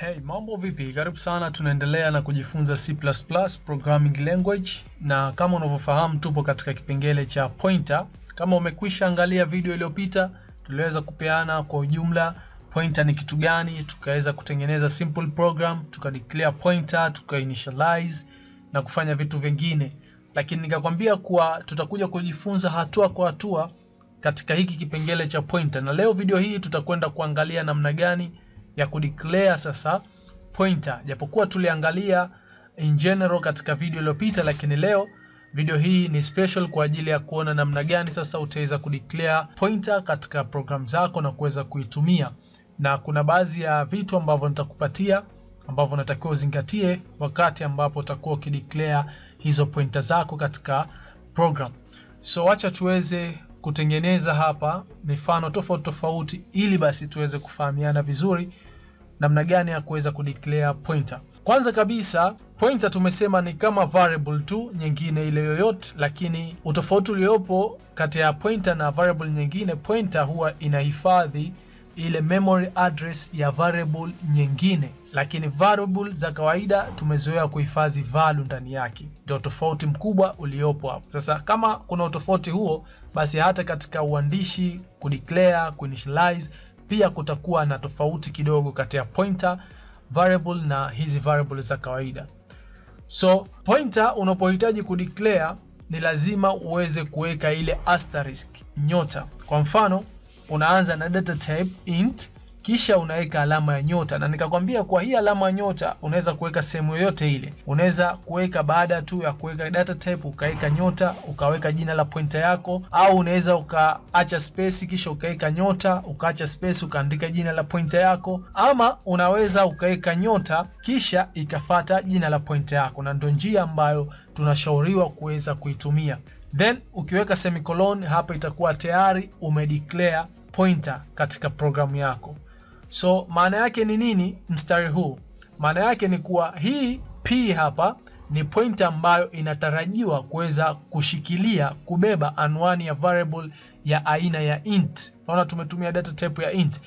Hey, mambo vipi? Karibu sana, tunaendelea na kujifunza C++ programming language, na kama unavyofahamu tupo katika kipengele cha pointer. Kama umekwisha angalia video iliyopita, tuliweza kupeana kwa ujumla pointer ni kitu gani, tukaweza kutengeneza simple program, tuka declare pointer, tuka initialize na kufanya vitu vingine, lakini nikakwambia kuwa tutakuja kujifunza hatua kwa hatua katika hiki kipengele cha pointer, na leo video hii tutakwenda kuangalia namna gani ya kudeclare sasa pointer, japokuwa tuliangalia in general katika video iliyopita, lakini leo video hii ni special kwa ajili ya kuona namna gani sasa utaweza kudeclare pointer katika program zako na kuweza kuitumia, na kuna baadhi ya vitu ambavyo nitakupatia ambavyo unatakiwa uzingatie wakati ambapo utakuwa ukideclare hizo pointer zako katika program. So acha tuweze kutengeneza hapa mifano tofauti tofauti, ili basi tuweze kufahamiana vizuri namna gani ya kuweza kudeclare pointer. Kwanza kabisa pointer tumesema ni kama variable tu nyingine ile yoyote, lakini utofauti uliopo kati ya pointer na variable nyingine, pointer huwa inahifadhi ile memory address ya variable nyingine, lakini variable za kawaida tumezoea kuhifadhi value ndani yake. Ndio tofauti mkubwa uliopo hapo. Sasa kama kuna utofauti huo, basi hata katika uandishi, kudeclare, kuinitialize pia kutakuwa na tofauti kidogo kati ya pointer variable na hizi variable za kawaida. So pointer unapohitaji kudeclare ni lazima uweze kuweka ile asterisk nyota. Kwa mfano unaanza na data type int, kisha unaweka alama ya nyota, na nikakwambia kwa hii alama ya nyota unaweza kuweka sehemu yoyote ile. Unaweza kuweka baada tu ya kuweka data type ukaweka nyota, ukaweka jina la pointer yako, au unaweza ukaacha space kisha ukaweka nyota, ukaacha space ukaandika jina la pointer yako, ama unaweza ukaweka nyota kisha ikafata jina la pointer yako, na ndio njia ambayo tunashauriwa kuweza kuitumia. Then ukiweka semicolon hapa itakuwa tayari umedeclare pointer katika programu yako so maana yake ni nini mstari huu maana yake ni kuwa hii p hapa ni pointer ambayo inatarajiwa kuweza kushikilia kubeba anwani ya variable ya aina ya int naona tumetumia data type ya int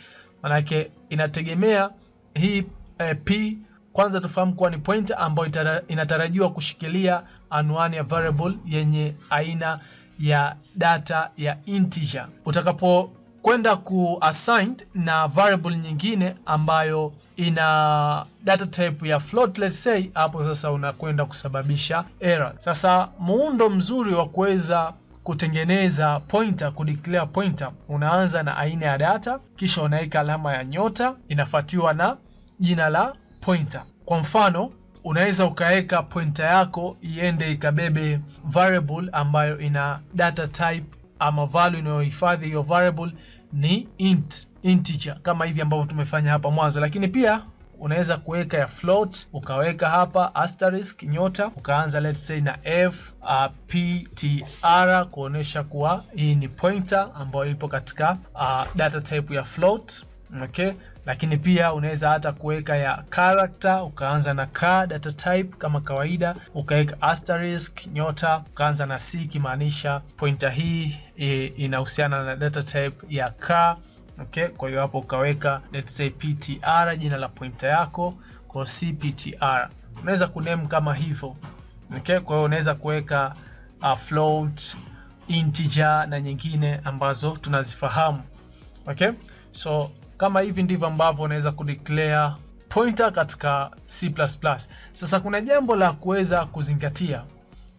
maana yake inategemea hii eh, p kwanza tufahamu kuwa ni pointer ambayo inatarajiwa kushikilia anwani ya variable yenye aina ya data ya integer utakapo kwenda kuassign na variable nyingine ambayo ina data type ya float let's say, hapo sasa unakwenda kusababisha error. Sasa muundo mzuri wa kuweza kutengeneza pointer, kudeclare pointer, unaanza na aina ya data, kisha unaweka alama ya nyota, inafuatiwa na jina la pointer. Kwa mfano unaweza ukaweka pointer yako iende ikabebe variable ambayo ina data type ama value inayohifadhi hiyo variable ni int, integer kama hivi ambavyo tumefanya hapa mwanzo, lakini pia unaweza kuweka ya float ukaweka hapa asterisk nyota ukaanza let's say na f t r kuonesha kuwa hii ni pointer ambayo ipo katika a, data type ya float okay? Lakini pia unaweza hata kuweka ya character, ukaanza na ka data type kama kawaida, ukaweka asterisk nyota, ukaanza na c, kimaanisha pointer hii e, inahusiana na data type ya ka okay? Kwa hiyo hapo ukaweka let's say ptr, jina la pointer yako kwa cptr, unaweza kuname kama hivyo okay? Kwa hiyo unaweza kuweka uh, float integer na nyingine ambazo tunazifahamu okay? So kama hivi ndivyo ambavyo unaweza kudeclare pointer katika C++. Sasa kuna jambo la kuweza kuzingatia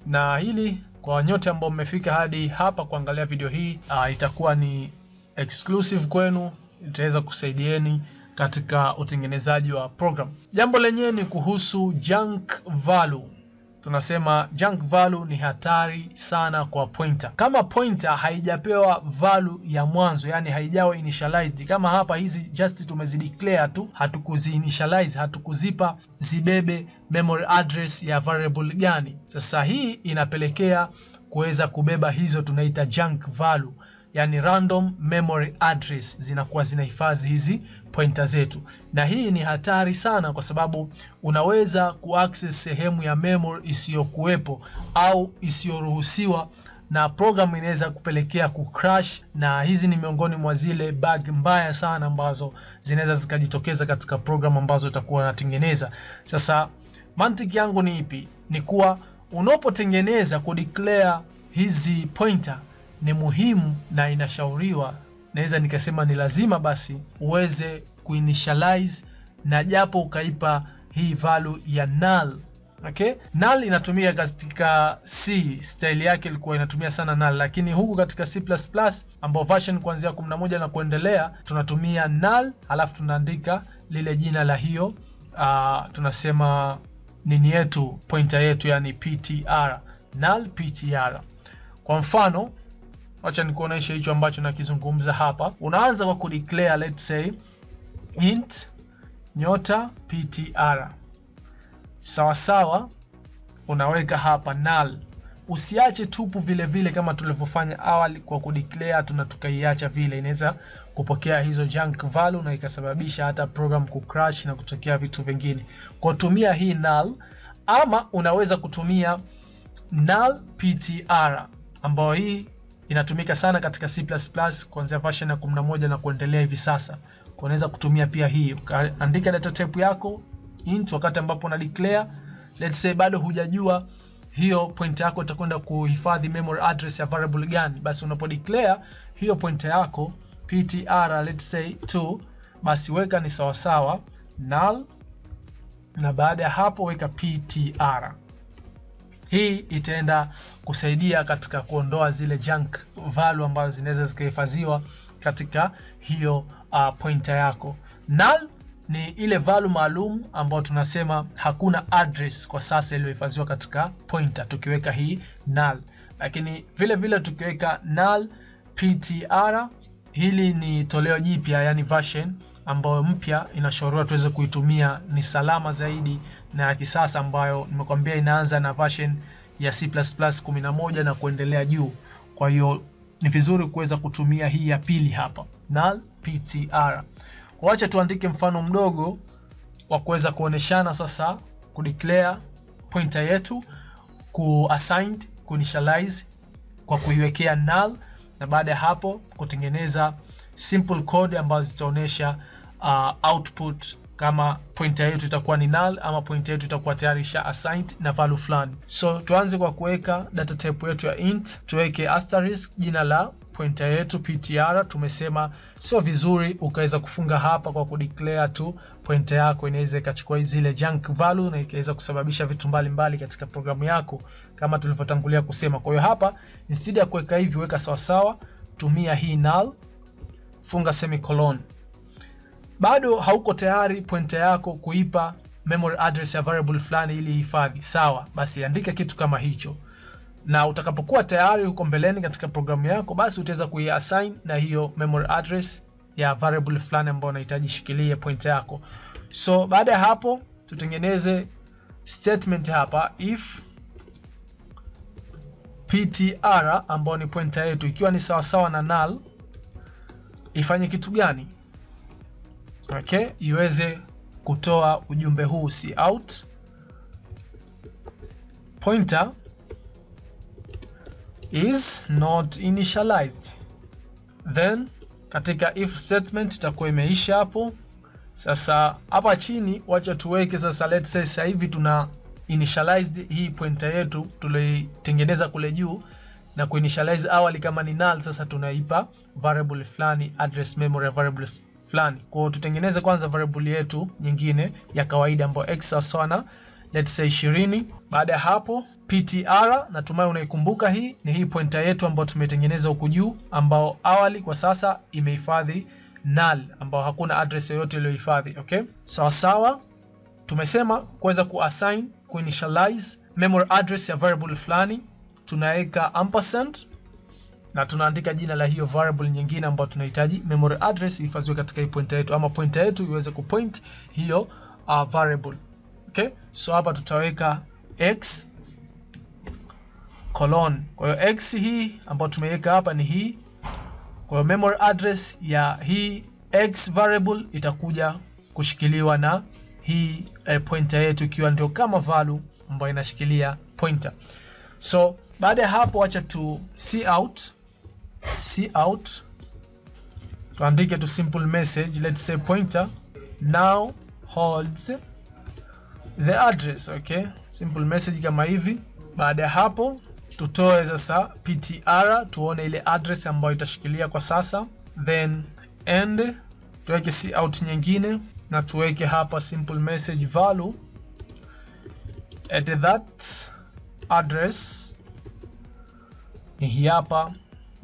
na hili kwa nyote ambao mmefika hadi hapa kuangalia video hii uh, itakuwa ni exclusive kwenu, itaweza kusaidieni katika utengenezaji wa program. Jambo lenyewe ni kuhusu junk value tunasema junk value ni hatari sana kwa pointer. Kama pointer haijapewa value ya mwanzo, yani haijawa initialized, kama hapa hizi just declare tu, hatukuzi initialize, hatukuzipa zibebe memory address ya variable gani. Sasa hii inapelekea kuweza kubeba hizo tunaita junk value yani random memory address, zinakuwa zinahifadhi hizi pointer zetu na hii ni hatari sana kwa sababu unaweza kuaccess sehemu ya memory isiyokuwepo au isiyoruhusiwa na program inaweza kupelekea crash, na hizi ni miongoni mwa zile bug mbaya sana ambazo zinaweza zikajitokeza katika program ambazo utakuwa unatengeneza. Sasa mantiki yangu ni ipi? Ni kuwa unapotengeneza declare hizi pointer ni muhimu na inashauriwa naweza nikasema ni lazima basi uweze kuinitialize na japo ukaipa hii value ya null. Okay? Null inatumia katika C, style yake ilikuwa inatumia sana null, lakini huku katika C++ ambao version kuanzia 11 na kuendelea tunatumia null, alafu tunaandika lile jina la hiyo uh, tunasema nini yetu pointer yetu, yani ptr null ptr. Kwa mfano Acha nikuoneshe hicho ambacho nakizungumza hapa. Unaanza kwa kudeclare let's say int nyota ptr sawasawa, unaweka hapa null. Usiache tupu vile vile kama tulivyofanya awali kwa kudeclare tuna tukaiacha vile, inaweza kupokea hizo junk value na ikasababisha hata program kucrash na kutokea vitu vingine. Kwa tumia hii null, ama unaweza kutumia null ptr ambayo hii inatumika sana katika C++ kuanzia version ya 11 na kuendelea hivi sasa. Unaweza kutumia pia hii ukaandika data type yako int, wakati ambapo una declare let's say, bado hujajua hiyo point yako itakwenda kuhifadhi memory address ya variable gani, basi unapo declare hiyo point yako ptr let's say 2, basi weka ni sawasawa null, na baada ya hapo weka ptr hii itaenda kusaidia katika kuondoa zile junk value ambazo zinaweza zikahifadhiwa katika hiyo uh, pointer yako. Null ni ile value maalum ambayo tunasema hakuna address kwa sasa iliyohifadhiwa katika pointer, tukiweka hii null. Lakini vile vile tukiweka null ptr, hili ni toleo jipya, yani version ambayo mpya inashauriwa tuweze kuitumia, ni salama zaidi na ya kisasa ambayo nimekwambia inaanza na version ya C++ 11 na kuendelea juu. Kwa hiyo ni vizuri kuweza kutumia hii ya pili hapa null ptr. Wacha tuandike mfano mdogo wa kuweza kuoneshana sasa kudeclare pointer yetu, ku kuinitialize kwa kuiwekea null, na baada ya hapo kutengeneza simple code ambazo zitaonesha uh, output kama pointer yetu itakuwa ni null ama pointer yetu itakuwa tayari isha assigned na value fulani. So tuanze kwa kuweka data type yetu ya int, tuweke asterisk jina la pointer yetu ptr. Tumesema sio vizuri ukaweza kufunga hapa kwa kudeclare tu pointer yako, inaweza ikachukua zile junk value na ikaweza kusababisha vitu mbalimbali mbali katika programu yako kama tulivyotangulia kusema. Kwa hiyo hapa instead ya kuweka hivi, weka sawasawa, tumia hii null, funga semicolon bado hauko tayari pointer yako kuipa memory address ya variable fulani ili ihifadhi, sawa, basi andika kitu kama hicho, na utakapokuwa tayari huko mbeleni katika programu yako, basi utaweza kuiassign na hiyo memory address ya variable fulani ambayo unahitaji shikilie pointer yako. So baada ya hapo tutengeneze statement hapa if ptr ambayo ni pointer yetu ikiwa ni sawasawa na null, ifanye kitu gani? okay, iweze kutoa ujumbe huu si out pointer is not initialized, then katika if statement itakuwa imeisha hapo. Sasa hapa chini wacha tuweke sasa, let's say sasa hivi tuna initialized hii pointer yetu tulioitengeneza kule juu na kuinitialize awali kama ni null. Sasa tunaipa variable fulani address memory variable fulani. Kwa hiyo tutengeneze kwanza variable yetu nyingine ya kawaida ambayo x sawa na let's say 20. Baada ya hapo ptr, natumai unaikumbuka hii ni hii pointer yetu ambayo tumetengeneza huku juu, ambao awali kwa sasa imehifadhi null, ambao hakuna address yoyote iliyohifadhi. Okay, sawa sawa. Tumesema kuweza kuassign kuinitialize memory address ya variable fulani, tunaweka ampersand na tunaandika jina la hiyo variable nyingine ambayo tunahitaji memory address ihifadhiwe katika hii pointer yetu, ama pointer yetu iweze kupoint hiyo uh, variable. Okay, so hapa tutaweka x colon. Kwa hiyo x hii ambayo tumeweka hapa ni hii. Kwa hiyo memory address ya hii x variable itakuja kushikiliwa na hii eh, pointer yetu ikiwa ndio kama value ambayo inashikilia pointer. So baada ya hapo, acha tu see out out tuandike tu simple message, let's say pointer now holds the address. Okay, simple message kama hivi. Baada ya hapo tutoe sasa ptr, tuone ile address ambayo itashikilia kwa sasa, then end, tuweke out nyingine na tuweke hapa simple message value at that address ni hii hapa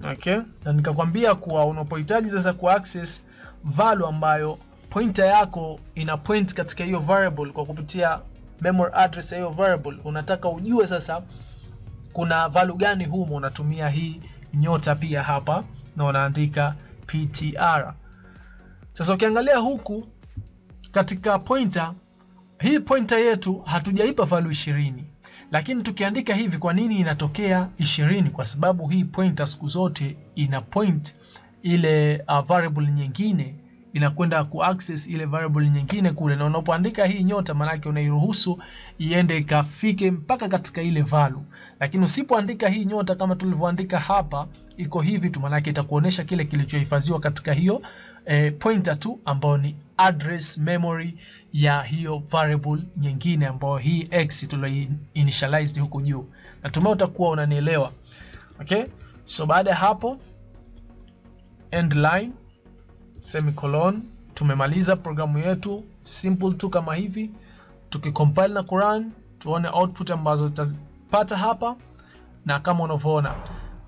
okay. Na nikakwambia kuwa unapohitaji sasa ku access value ambayo pointer yako ina point katika hiyo variable kwa kupitia memory address ya hiyo variable, unataka ujue sasa kuna value gani humo, unatumia hii nyota pia hapa na unaandika ptr. Sasa ukiangalia huku katika pointer hii pointer yetu hatujaipa value lakini tukiandika hivi, kwa nini inatokea ishirini? Kwa sababu hii pointer siku zote ina point ile uh, variable nyingine inakwenda kuaccess ile variable nyingine kule, na unapoandika hii nyota, maanake unairuhusu iende ikafike mpaka katika ile value. Lakini usipoandika hii nyota kama tulivyoandika hapa, iko hivi tu, yake itakuonesha kile kilichohifadhiwa katika hiyo eh, pointer tu ambayo ni address memory ya hiyo variable nyingine ambayo hii x initialized huku juu. Natumai utakuwa unanielewa. Okay? So baada ya hapo end line semicolon, tumemaliza programu yetu simple tu kama hivi. Tukicompile na kurun tuone output ambazo tutapata hapa, na kama unavyoona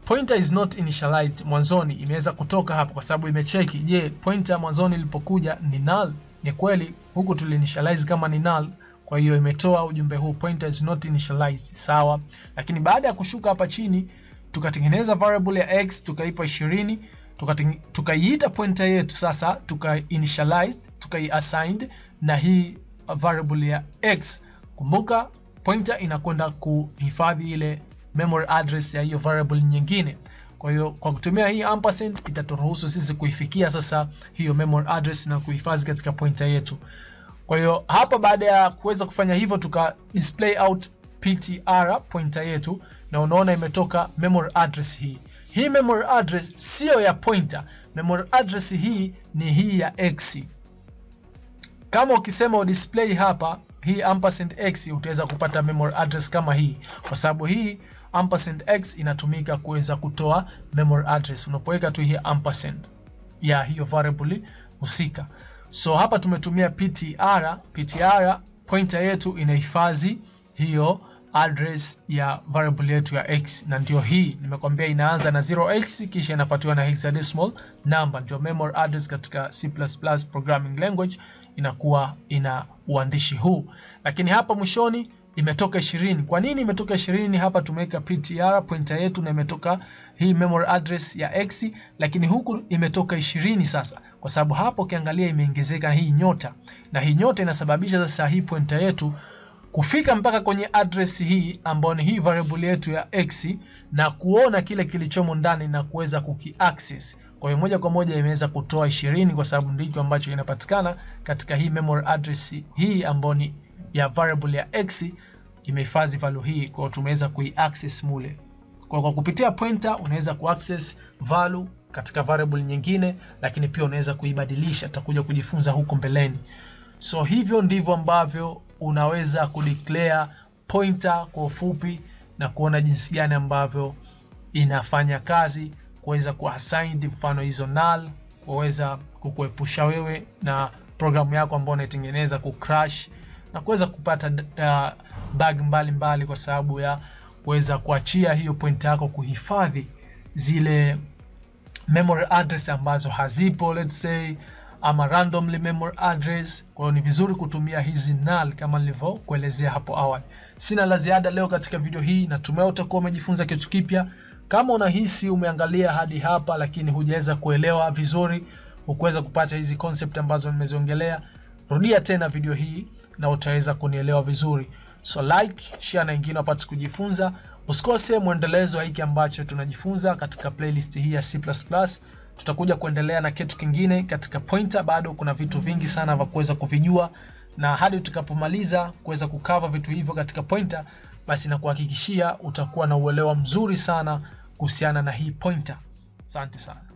pointer is not initialized mwanzoni imeweza kutoka hapa kwa sababu imecheki. Je, pointer mwanzoni ilipokuja ni null? Ni kweli, huku tuli initialize kama ni null, kwa hiyo imetoa ujumbe huu pointer is not initialized. Sawa, lakini baada ya kushuka hapa chini tukatengeneza variable ya x tukaipa 20 tukaiita tuka pointer yetu sasa, tuka initialized assigned na hii variable ya x. Kumbuka pointer inakwenda kuhifadhi ile memory address ya hiyo variable nyingine. Kwa hiyo kwa kutumia hii ampersand itaturuhusu sisi kuifikia sasa hiyo memory address na kuhifadhi katika pointer yetu. Kwa hiyo hapa, baada ya kuweza kufanya hivyo, tuka display out ptr pointer yetu, na unaona imetoka memory address hii. Hii memory address siyo ya pointer. Memory address hii ni hii ya x. Kama ukisema display hapa hii ampersand x, utaweza kupata memory address kama hii, kwa sababu hii ampersand x inatumika kuweza kutoa memory address unapoweka tu hii ampersand ya hiyo variable husika. So hapa tumetumia ptr. Ptr pointer yetu inahifadhi hiyo address ya variable yetu ya x, na ndio hii nimekwambia, inaanza na 0x kisha inafuatiwa na hexadecimal number, ndio memory address katika C++ programming language inakuwa ina uandishi huu, lakini hapa mwishoni imetoka 20. Kwa nini imetoka 20? Hapa tumeweka ptr pointer yetu na imetoka hii memory address ya x, lakini huku imetoka 20 sasa, kwa sababu hapo ukiangalia imeongezeka hii nyota, na hii nyota inasababisha sasa hii pointer yetu kufika mpaka kwenye address hii ambayo ni hii variable yetu ya x na kuona kile kilichomo ndani na kuweza kukiaccess. Kwa hiyo moja kwa moja imeweza kutoa 20 kwa sababu ndicho ambacho inapatikana katika hii memory address hii ambayo ni ya variable ya x imehifadhi value hii, kwa tumeweza kui access mule. Kwa kwa kupitia pointer unaweza ku access value katika variable nyingine, lakini pia unaweza kuibadilisha, tutakuja kujifunza huko mbeleni. So hivyo ndivyo ambavyo unaweza ku declare pointer kwa ufupi na kuona jinsi gani ambavyo inafanya kazi, kuweza kuassign mfano hizo null, kuweza kukuepusha wewe na programu yako ambayo unaitengeneza crash na kuweza kupata uh, bag mbalimbali mbali kwa sababu ya kuweza kuachia hiyo point yako kuhifadhi zile memory address ambazo hazipo let's say ama randomly memory address. Kwa hiyo ni vizuri kutumia hizi null kama nilivyokuelezea hapo awali. Sina la ziada leo katika video hii, natumai utakuwa umejifunza kitu kipya. Kama unahisi umeangalia hadi hapa lakini hujaweza kuelewa vizuri, hukuweza kupata hizi concept ambazo nimeziongelea, rudia tena video hii na utaweza kunielewa vizuri. So like, share na wengine wapate kujifunza. Usikose mwendelezo wa hiki ambacho tunajifunza katika playlist hii ya C++. Tutakuja kuendelea na kitu kingine katika pointer, bado kuna vitu vingi sana vya kuweza kuvijua, na hadi tutakapomaliza kuweza kukava vitu hivyo katika pointer, basi na kuhakikishia utakuwa na uelewa mzuri sana kuhusiana na hii pointer. Asante sana.